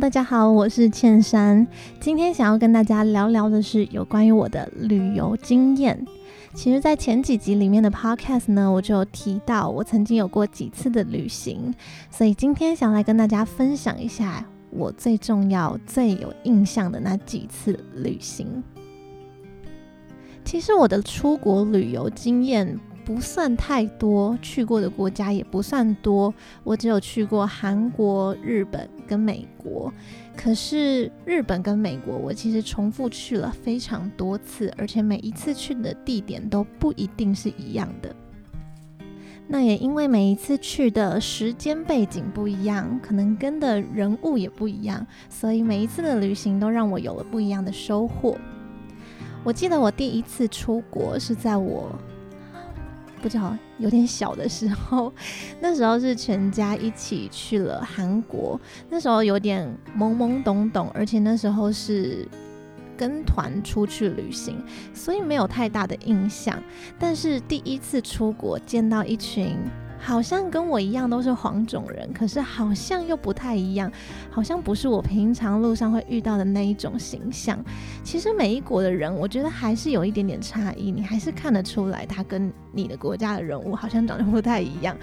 大家好，我是茜珊。今天想要跟大家聊聊的是有關於我的旅遊經驗。其實，在前幾集裡面的 podcast 呢，我就有提到我曾經有過幾次的旅行，所以今天想來跟大家分享一下我最重要、最有印象的那幾次旅行。其實，我的出國旅遊經驗，不算太多，去過的國家也不算多，我只有去過韓國、日本跟美國。可是日本跟美國，我其實重複去了非常多次，而且每一次去的地點都不一定是一樣的。那也因為每一次去的時間背景不一樣，可能跟的人物也不一樣，所以每一次的旅行都讓我有了不一樣的收穫。我記得我第一次出國是在我，不知道，有點小的時候，那時候是全家一起去了韓國，那時候有點懵懵懂懂，而且那時候是跟團出去旅行，所以沒有太大的印象。但是第一次出國，見到一群。好像跟我一樣都是黃種人，可是好像又不太一樣，好像不是我平常路上會遇到的那一種形象。其實每一國的人，我覺得還是有一點點差異，你還是看得出來他跟你的國家的人物好像長得不太一樣。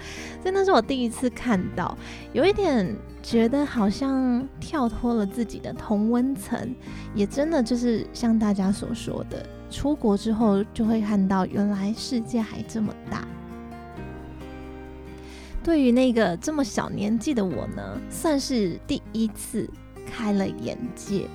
真的是我第一次看到，有一點覺得好像跳脫了自己的同溫層，也真的就是像大家所說的，出國之後就會看到原來世界還這麼大。對於那個這麼小年紀的我呢，算是第一次開了眼界。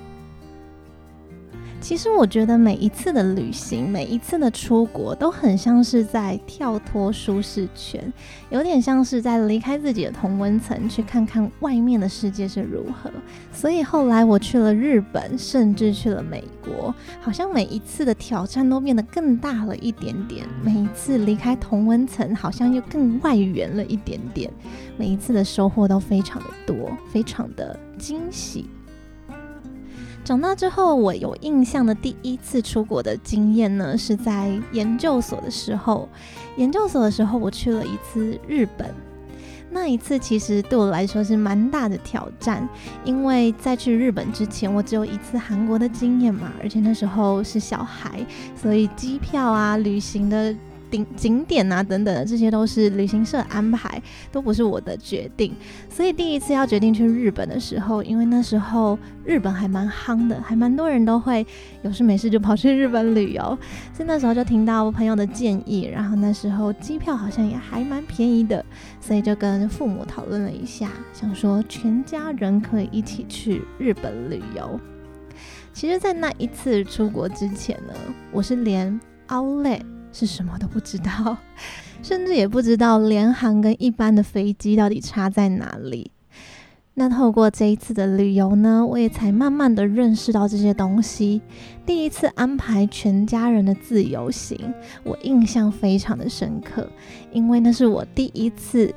其實我覺得每一次的旅行，每一次的出國，都很像是在跳脫舒適圈，有點像是在離開自己的同溫層，去看看外面的世界是如何。所以後來我去了日本，甚至去了美國，好像每一次的挑戰都變得更大了一點點，每一次離開同溫層，好像又更外圓了一點點，每一次的收穫都非常的多，非常的驚喜。長大之後，我有印象的第一次出國的經驗呢，是在研究所的時候。研究所的時候，我去了一次日本。那一次其實對我來說是蠻大的挑戰，因為在去日本之前，我只有一次韓國的經驗嘛，而且那時候是小孩，所以機票啊、旅行的。景景點啊等等的，這些都是旅行社安排，都不是我的決定。所以第一次要決定去日本的時候，因為那時候日本還蠻夯的，還蠻多人都會有事沒事就跑去日本旅遊。所以那時候就聽到我朋友的建議，然後那時候機票好像也還蠻便宜的，所以就跟父母討論了一下，想說全家人可以一起去日本旅遊。其實，在那一次出國之前呢，我是連 Outlet。是什麼都不知道，甚至也不知道聯航跟一般的飛機到底差在哪裡。那透過這一次的旅遊呢，我也才慢慢的認識到這些東西。第一次安排全家人的自由行，我印象非常的深刻，因為那是我第一次。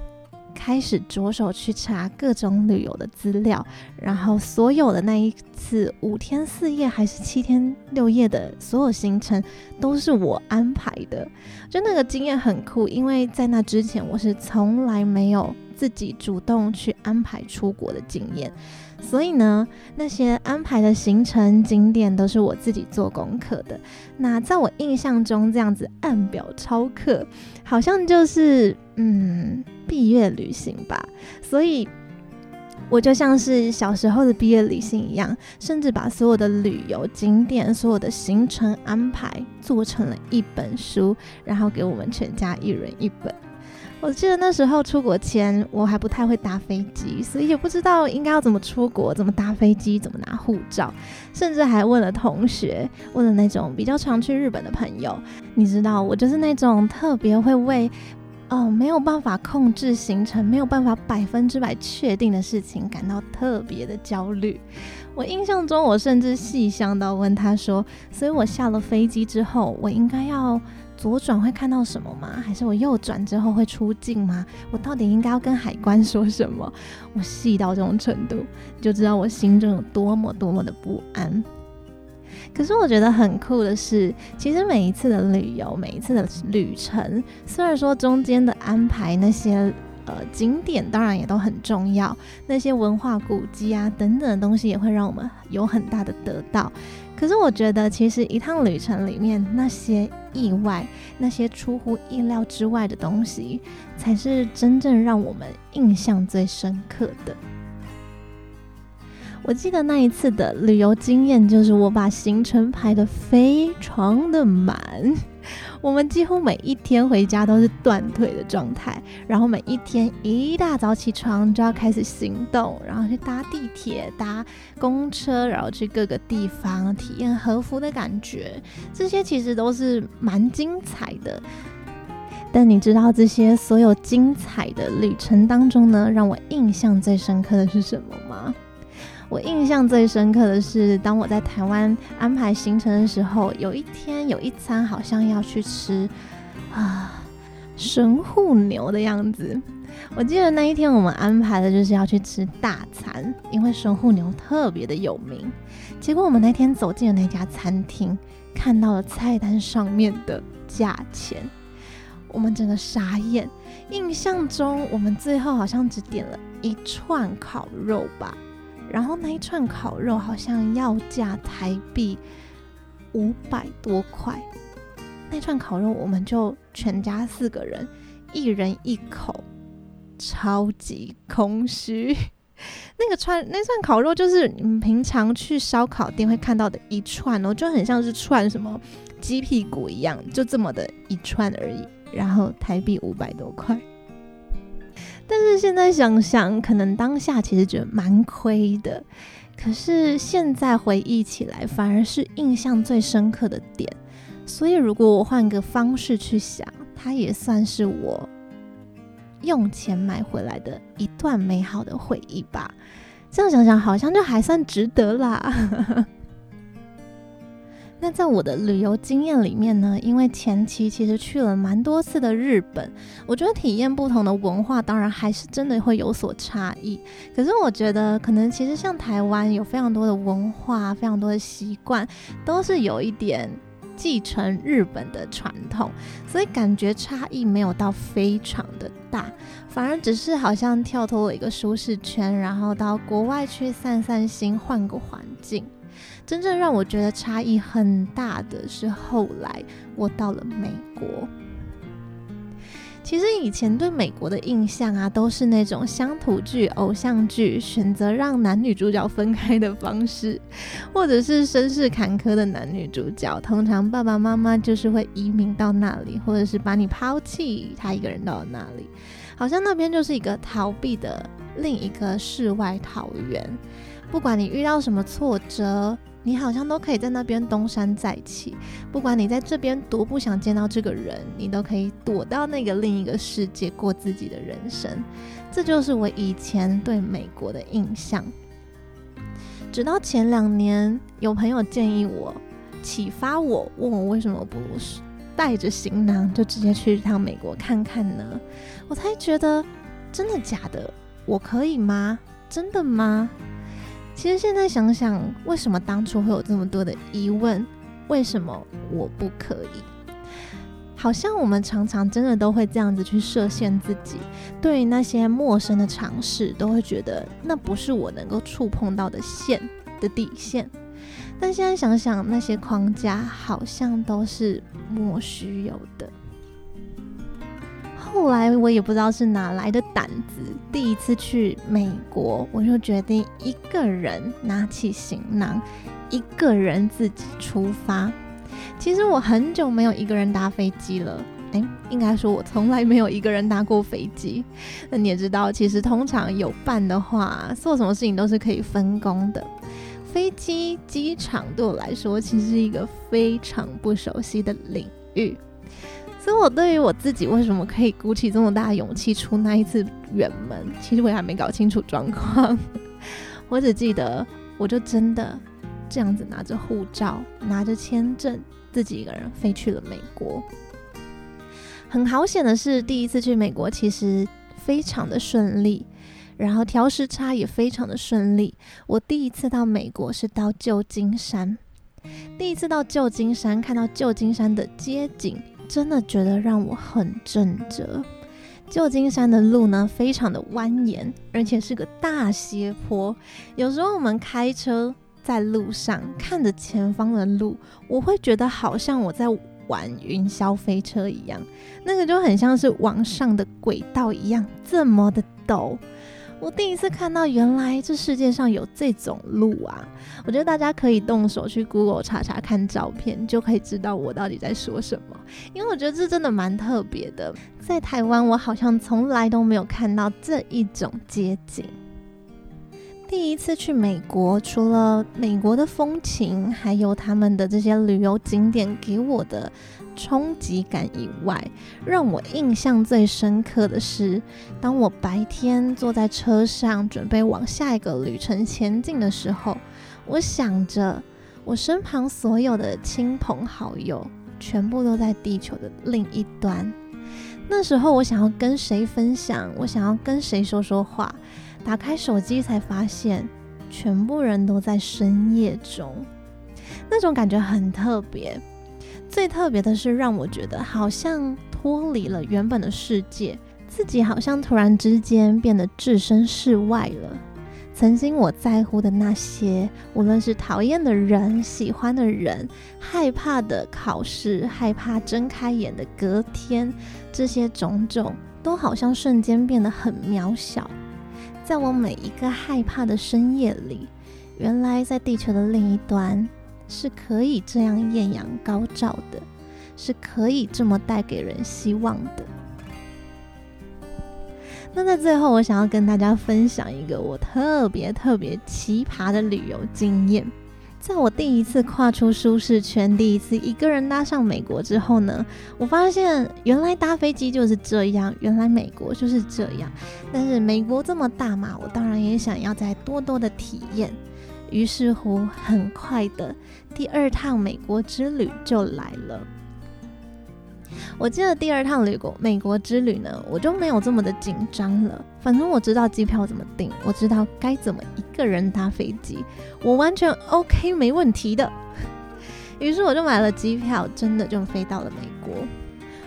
開始着手去查各種旅遊的資料，然後所有的那一次五天四夜還是七天六夜的所有行程都是我安排的，就那個經驗很酷，因為在那之前我是從來沒有自己主動去安排出國的經驗，所以呢，那些安排的行程景點都是我自己做功課的。那在我印象中，這樣子按表操課，好像就是嗯。畢業旅行吧，所以我就像是小時候的畢業旅行一樣，甚至把所有的旅遊景點、所有的行程安排做成了一本書，然後給我們全家一人一本。我記得那時候出國前，我還不太會搭飛機，所以也不知道應該要怎麼出國、怎麼搭飛機、怎麼拿護照，甚至還問了同學，問了那種比較常去日本的朋友。你知道，我就是那種特別會為。哦，沒有辦法控制行程，沒有辦法百分之百確定的事情，感到特別的焦慮。我印象中，我甚至細想到問他說：“所以，我下了飛機之後，我應該要左轉會看到什麼嗎？還是我右轉之後會出境嗎？我到底應該要跟海關說什麼？我細到這種程度，就知道我心中有多麼多麼的不安。”可是我覺得很酷的是，其實每一次的旅遊，每一次的旅程，雖然說中間的安排那些呃景點，當然也都很重要，那些文化古跡啊等等的東西也會讓我們有很大的得到。可是我覺得，其實一趟旅程裡面那些意外，那些出乎意料之外的東西，才是真正讓我們印象最深刻的。我記得那一次的旅遊經驗，就是我把行程排得非常的滿，我們幾乎每一天回家都是斷腿的狀態，然後每一天一大早起床就要開始行動，然後去搭地鐵、搭公車，然後去各個地方體驗和服的感覺，這些其實都是蠻精彩的。但你知道這些所有精彩的旅程當中呢，讓我印象最深刻的是什麼嗎？我印象最深刻的是，當我在台灣安排行程的時候，有一天有一餐好像要去吃啊神戶牛的樣子。我記得那一天我們安排的就是要去吃大餐，因為神戶牛特別的有名。結果我們那天走進了那家餐廳，看到了菜單上面的價錢，我們整個傻眼。印象中我們最後好像只點了一串烤肉吧。然後那一串烤肉好像要價台幣五百多塊，那串烤肉我們就全家四個人一人一口，超級空虛。 那個串那串烤肉就是你們平常去燒烤店會看到的一串哦，就很像是串什麼雞屁股一樣，就這麼的一串而已。然後台幣五百多塊。但是現在想想，可能當下其實覺得蠻虧的，可是現在回憶起來，反而是印象最深刻的點。所以如果我換個方式去想，它也算是我用錢買回來的一段美好的回憶吧。這樣想想，好像就還算值得啦。 那在我的旅遊經驗裡面呢，因為前期其實去了蠻多次的日本，我覺得體驗不同的文化，當然還是真的會有所差異。可是我覺得，可能其實像台灣有非常多的文化，非常多的習慣，都是有一點繼承日本的傳統，所以感覺差異沒有到非常的大，反而只是好像跳脫了一個舒適圈，然後到國外去散散心，換個環境。真正讓我覺得差異很大的是後來我到了美國。其實以前對美國的印象啊，都是那種鄉土劇、偶像劇選擇讓男女主角分開的方式，或者是身世坎坷的男女主角，通常爸爸媽媽就是會移民到那裡，或者是把你拋棄，他一個人到了那裡，好像那邊就是一個逃避的，另一個世外桃源，不管你遇到什麼挫折，你好像都可以在那邊東山再起。不管你在這邊多不想見到這個人，你都可以躲到那個另一個世界過自己的人生。這就是我以前對美國的印象。直到前兩年，有朋友建議我，啟發我，問我為什麼不帶着行囊就直接去一趟美國看看呢？我才覺得，真的假的？我可以嗎？真的嗎？其實現在想想，為什麼當初會有這麼多的疑問？為什麼我不可以？好像我們常常真的都會這樣子去設限自己，對於那些陌生的嘗試，都會覺得那不是我能夠觸碰到的線的底線。但現在想想，那些框架好像都是莫須有的。後來我也不知道是哪來的膽子，第一次去美國，我就決定一個人拿起行囊，一個人自己出發。其實我很久沒有一個人搭飛機了，哎、欸，應該說我從來沒有一個人搭過飛機。那你也知道，其實通常有伴的話，做什麼事情都是可以分工的。飛機、機場對我來說，其實是一個非常不熟悉的領域。所以我對於我自己為什麼可以鼓起這麼大的勇氣出那一次遠門，其實我也還沒搞清楚狀況。我只記得我就真的這樣子拿着護照、拿着簽證，自己一個人飛去了美國。很好險的是，第一次去美國其實非常的順利，然後調時差也非常的順利。我第一次到美國是到舊金山，第一次到舊金山看到舊金山的街景。真的覺得讓我很震懾。舊金山的路呢，非常的蜿蜒，而且是個大斜坡。有時候我們開車在路上看着前方的路，我會覺得好像我在玩雲霄飛車一樣，那個就很像是往上的軌道一樣，這麼的陡。我第一次看到，原來這世界上有這種路啊！我覺得大家可以動手去 Google 查查看照片，就可以知道我到底在說什麼。因為我覺得這真的蠻特別的，在台灣我好像從來都沒有看到這一種街景。第一次去美國，除了美國的風情，還有他們的這些旅遊景點給我的衝擊感以外，讓我印象最深刻的是，當我白天坐在車上準備往下一個旅程前進的時候，我想着我身旁所有的親朋好友全部都在地球的另一端。那時候我想要跟誰分享，我想要跟誰說說話，打開手機才發現全部人都在深夜中，那種感覺很特別。最特別的是，讓我覺得好像脫離了原本的世界，自己好像突然之間變得置身事外了。曾經我在乎的那些，無論是討厭的人、喜歡的人、害怕的考試、害怕睜開眼的隔天，這些種種都好像瞬間變得很渺小。在我每一個害怕的深夜裡，原來在地球的另一端。是可以這樣豔陽高照的，是可以這麼帶給人希望的。那在最後，我想要跟大家分享一個我特別特別奇葩的旅遊經驗。在我第一次跨出舒適圈，第一次一個人搭上美國之後呢，我發現原來搭飛機就是這樣，原來美國就是這樣。但是美國這麼大嘛，我當然也想要再多多的體驗。於是乎，很快的，第二趟美國之旅就來了。我記得第二趟旅國美國之旅呢，我就沒有這麼的緊張了。反正我知道機票怎麼訂，我知道該怎麼一個人搭飛機，我完全 OK，沒問題的。於是我就買了機票，真的就飛到了美國。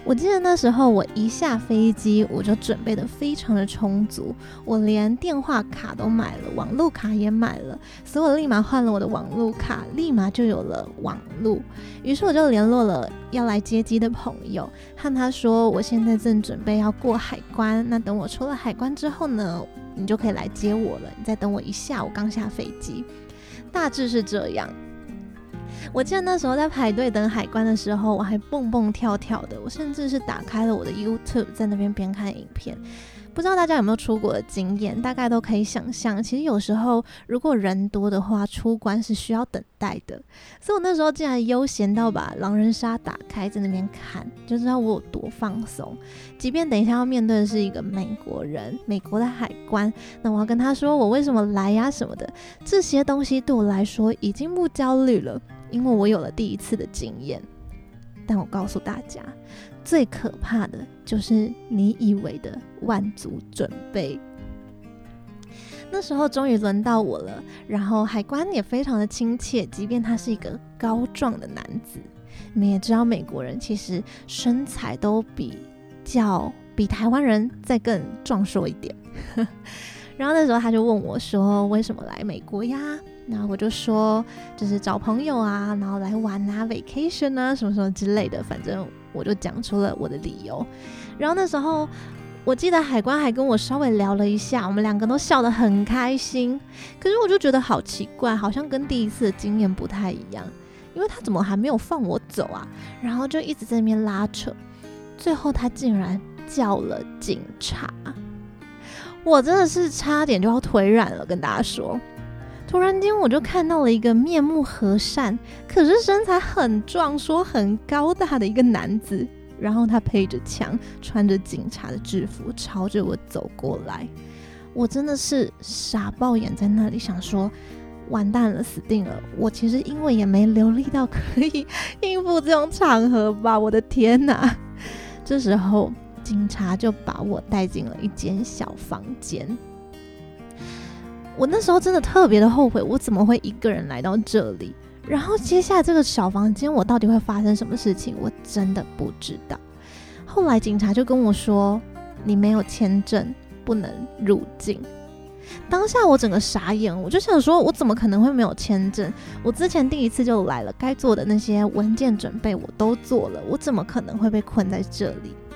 我記得那時候，我一下飛機，我就準備得非常的充足，我連電話卡都買了，網絡卡也買了，所以我立馬換了我的網絡卡，立馬就有了網絡。於是我就聯絡了要來接機的朋友，和他說，我現在正準備要過海關，那等我出了海關之後呢，你就可以來接我了。你再等我一下，我剛下飛機，大致是這樣。我記得那時候在排隊等海關的時候，我還蹦蹦跳跳的，我甚至是打開了我的 YouTube 在那邊邊看影片。不知道大家有沒有出國的經驗，大概都可以想象，其實有時候如果人多的話，出關是需要等待的。所以我那時候竟然悠閒到把狼人殺打開在那邊看，就知道我有多放鬆。即便等一下要面對的是一個美國人，美國的海關，那我要跟他說我為什麼來呀、啊、什麼的，這些東西對我來說已經不焦慮了。因為我有了第一次的經驗，但我告訴大家，最可怕的就是你以為的萬足準備。那時候終於輪到我了，然後海關也非常的親切，即便他是一個高壯的男子。你們也知道，美國人其實身材都比較比台灣人再更壯碩一點。 然後那時候他就問我說：“為什麼來美國呀？”那我就說，就是找朋友啊，然後來玩啊 ，vacation 啊，什麼什麼之類的，反正我就講出了我的理由。然後那時候，我記得海關還跟我稍微聊了一下，我們兩個都笑得很開心。可是我就覺得好奇怪，好像跟第一次的經驗不太一樣，因為他怎麼還沒有放我走啊？然後就一直在那邊拉扯，最後他竟然叫了警察，我真的是差點就要腿軟了，跟大家說。突然間，我就看到了一個面目和善，可是身材很壯，說很高大的一個男子。然後他背着槍，穿着警察的制服，朝着我走過來。我真的是傻爆眼在那裡想說，完蛋了，死定了！我其實英文也沒流利到可以應付這種場合吧？我的天哪、啊！這時候警察就把我帶進了一間小房間。我那時候真的特別的後悔，我怎麼會一個人來到這裡？然後接下來這個小房間，我到底會發生什麼事情？我真的不知道。後來警察就跟我說，你沒有簽證，不能入境。當下我整個傻眼，我就想說，我怎麼可能會沒有簽證？我之前第一次就來了，該做的那些文件準備我都做了，我怎麼可能會被困在這裡？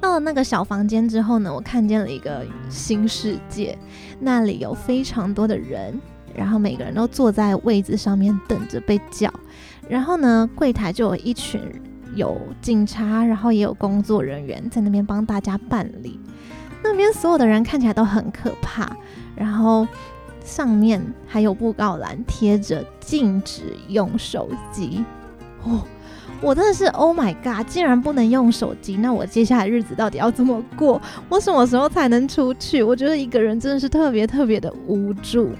到了那個小房間之後呢，我看見了一個新世界，那裡有非常多的人，然後每個人都坐在位子上面等着被叫，然後呢，櫃台就有一群有警察，然後也有工作人員在那邊幫大家辦理，那邊所有的人看起來都很可怕，然後上面還有布告欄貼着禁止用手機。哦，我真的是 Oh my God！既然不能用手機，那我接下來日子到底要怎麼過？我什麼時候才能出去？我覺得一個人真的是特別特別的無助。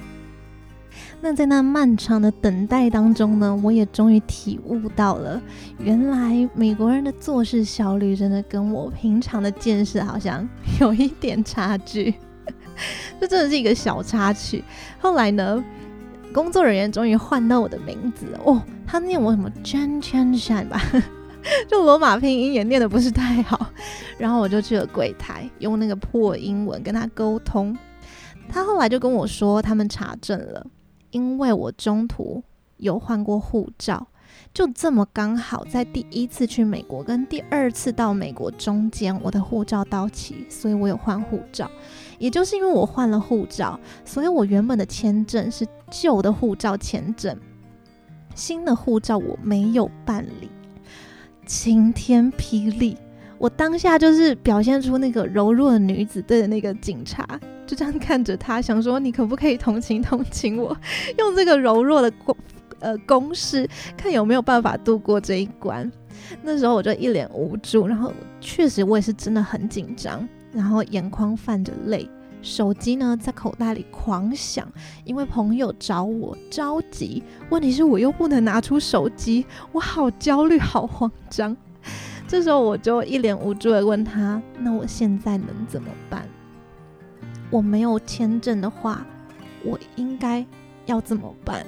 那在那漫長的等待當中呢，我也終於體悟到了，原來美國人的做事效率真的跟我平常的見識好像有一點差距。 這真的是一個小插曲。後來呢，工作人員終於換到我的名字哦。他念我什麼？真真善吧， 就羅馬拼音也念得不是太好。 然後我就去了櫃檯，用那個破英文跟他溝通。他後來就跟我說，他們查證了，因為我中途有換過護照，就這麼剛好在第一次去美國跟第二次到美國中間，我的護照到期，所以我有換護照。也就是因為我換了護照，所以我原本的簽證是舊的護照簽證。新的護照我沒有辦理，晴天霹靂！我當下就是表現出那個柔弱的女子對着那個警察，就這樣看着他，想說你可不可以同情同情我，用這個柔弱的呃公呃攻勢，看有沒有辦法度過這一關。那時候我就一臉無助，然後確實我也是真的很緊張，然後眼眶泛着淚。手機呢，在口袋裡狂響，因為朋友找我着急。問題是，我又不能拿出手機，我好焦慮，好慌張。這時候，我就一臉無助地問他：“那我現在能怎麼辦？我沒有簽證的話，我應該要怎麼辦？”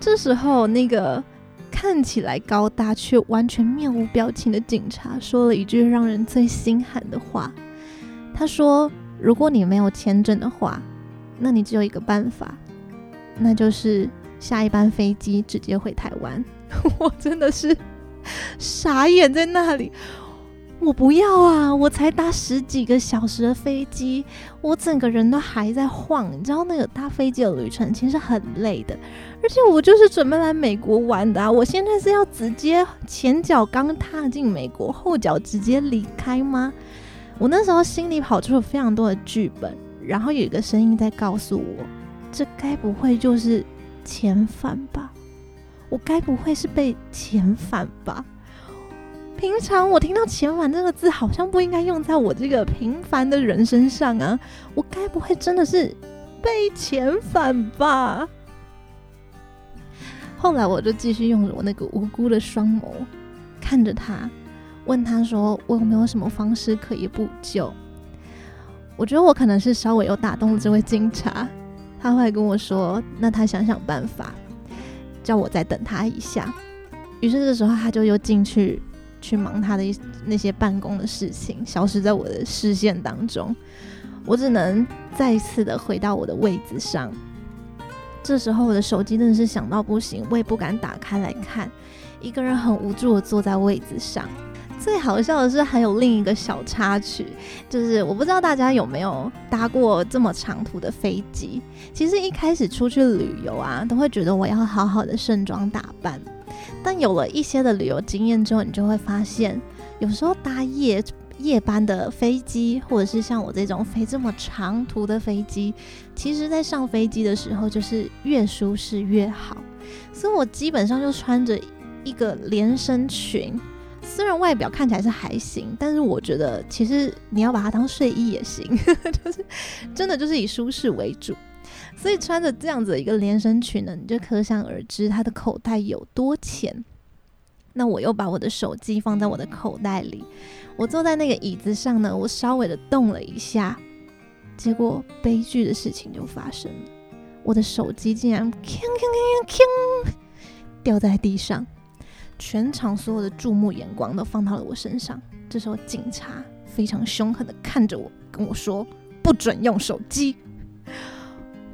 這時候，那個看起來高大卻完全面無表情的警察說了一句讓人最心寒的話，他說……如果你沒有簽證的話，那你只有一個辦法，那就是下一班飛機直接回台灣。 我真的是傻眼在那裡，我不要啊！我才搭十幾個小時的飛機，我整個人都還在晃。你知道那個搭飛機的旅程其實很累的，而且我就是準備來美國玩的啊！我現在是要直接前腳剛踏進美國，後腳直接離開嗎？我那時候心裡跑出了非常多的劇本，然後有一個聲音在告訴我：“這該不會就是遣返吧？我該不會是被遣返吧？平常我聽到‘遣返’這個字，好像不應該用在我這個平凡的人身上啊！我該不會真的是被遣返吧？”後來我就繼續用我那個無辜的雙眸看着他。問他說：“我有沒有什麼方式可以補救？”我覺得我可能是稍微有打動了這位警察，他後來跟我說：“那他想想辦法，叫我再等他一下。”於是這時候他就又進去去忙他的那些辦公的事情，消失在我的視線當中。我只能再一次的回到我的位置上。這時候我的手機真的是響到不行，我也不敢打開來看。一個人很無助的坐在位置上。最好笑的是，還有另一個小插曲，就是我不知道大家有沒有搭過這麼長途的飛機。其實一開始出去旅遊啊，都會覺得我要好好的盛裝打扮。但有了一些的旅遊經驗之後，你就會發現，有時候搭夜夜班的飛機，或者是像我這種飛這麼長途的飛機，其實在上飛機的時候，就是越舒適越好。所以我基本上就穿着一個連身裙。雖然外表看起來是還行，但是我覺得其實你要把它當睡衣也行，呵呵，就是真的就是以舒適為主。所以穿着這樣子的一個連身裙呢，你就可想而知它的口袋有多淺。那我又把我的手機放在我的口袋裡，我坐在那個椅子上呢，我稍微的動了一下，結果悲劇的事情就發生了，我的手機竟然“吭吭吭吭吭”掉在地上。全場所有的注目眼光都放到了我身上。這時候，警察非常凶狠的看着我，跟我說：“不准用手機。”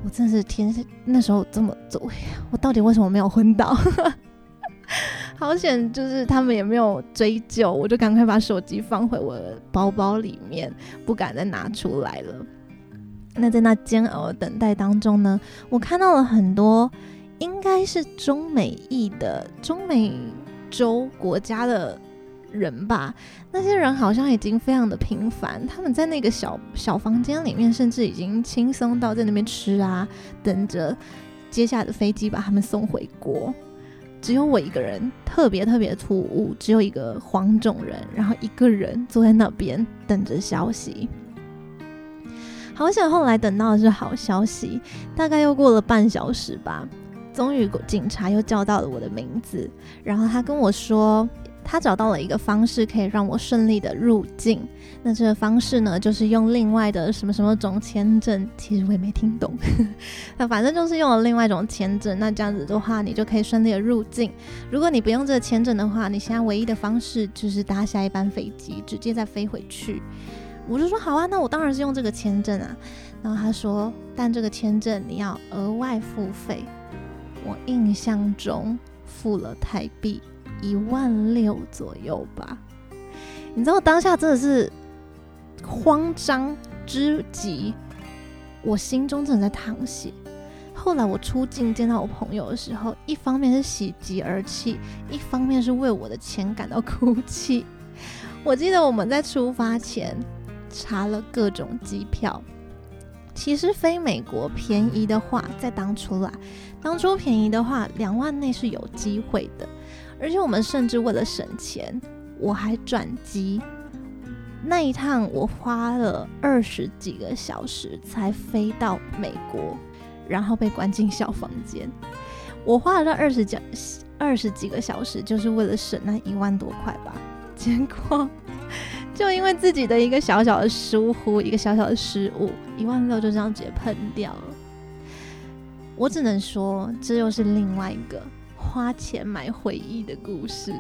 我真是天，那時候這麼走，我到底為什麼沒有昏倒？ 好險，就是他們也沒有追究，我就趕快把手機放回我的包包裡面，不敢再拿出來了。那在那煎熬的等待當中呢，我看到了很多，應該是中美裔的中美。洲國家的人吧，那些人好像已經非常的平凡。他們在那個小小房間裡面，甚至已經輕鬆到在那邊吃啊，等着接下來的飛機把他們送回國。只有我一個人，特別特別突兀，只有一個黃種人，然後一個人坐在那邊等着消息。好像後來等到的是好消息，大概又過了半小時吧。終於警察又叫到了我的名字，然後他跟我說，他找到了一個方式可以讓我順利的入境。那這個方式呢，就是用另外的什麼什麼種簽證，其實我也沒聽懂。呵呵，那反正就是用了另外一種簽證，那這樣子的話，你就可以順利的入境。如果你不用這個簽證的話，你現在唯一的方式就是搭下一班飛機，直接再飛回去。我就說好啊，那我當然是用這個簽證啊。然後他說，但這個簽證你要額外付費。我印象中付了台幣一萬六左右吧，你知道當下真的，是慌張之極，我心中正在淌血。後來我出境見到我朋友的時候，一方面是喜極而泣，一方面是為我的錢感到哭泣。我記得我們在出發前查了各種機票。其實飛美國便宜的話，在當初啦，當初便宜的話，兩萬內是有機會的。而且我們甚至為了省錢，我還轉機。那一趟我花了二十幾個小時才飛到美國，然後被關進小房間。我花了二十幾二十幾個小時，就是為了省那一萬多塊吧。結果。就因為自己的一個小小的疏忽，一個小小的失誤，一萬六就這樣直接噴掉了。我只能說，這又是另外一個花錢買回憶的故事。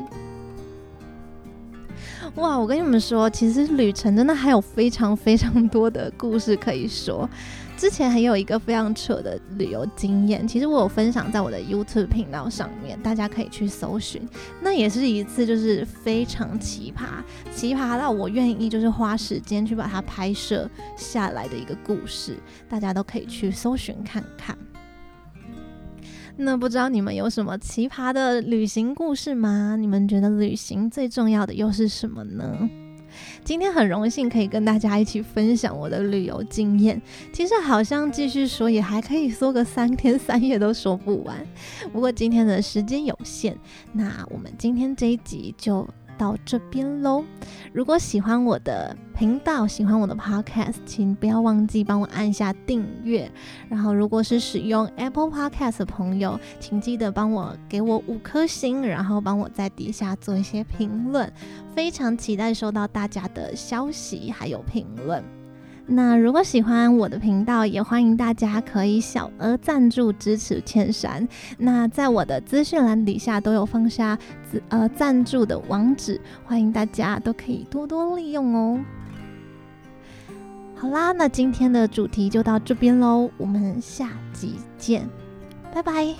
哇，我跟你們說，其實旅程真的還有非常非常多的故事可以說。之前還有一個非常扯的旅遊經驗，其實我有分享在我的 YouTube 頻道上面，大家可以去搜尋。那也是一次就是非常奇葩，奇葩到我願意就是花時間去把它拍攝下來的一個故事，大家都可以去搜尋看看。那不知道你們有什麼奇葩的旅行故事嗎？你們覺得旅行最重要的又是什麼呢？今天很榮幸可以跟大家一起分享我的旅遊經驗。其實好像繼續說也還可以說個三天三夜都說不完，不過今天的時間有限，那我們今天這一集就到這邊嘍！如果喜歡我的頻道，喜歡我的 podcast，請不要忘記幫我按下訂閱。然後，如果是使用 Apple Podcast 的朋友，請記得幫我給我五顆星，然後幫我在底下做一些評論。非常期待收到大家的消息還有評論。那如果喜歡我的頻道，也歡迎大家可以小額贊助支持茜珊。那在我的資訊欄底下都有放下呃贊助的網址，歡迎大家都可以多多利用哦。好啦，那今天的主題就到這邊嘍，我們下集見，拜拜。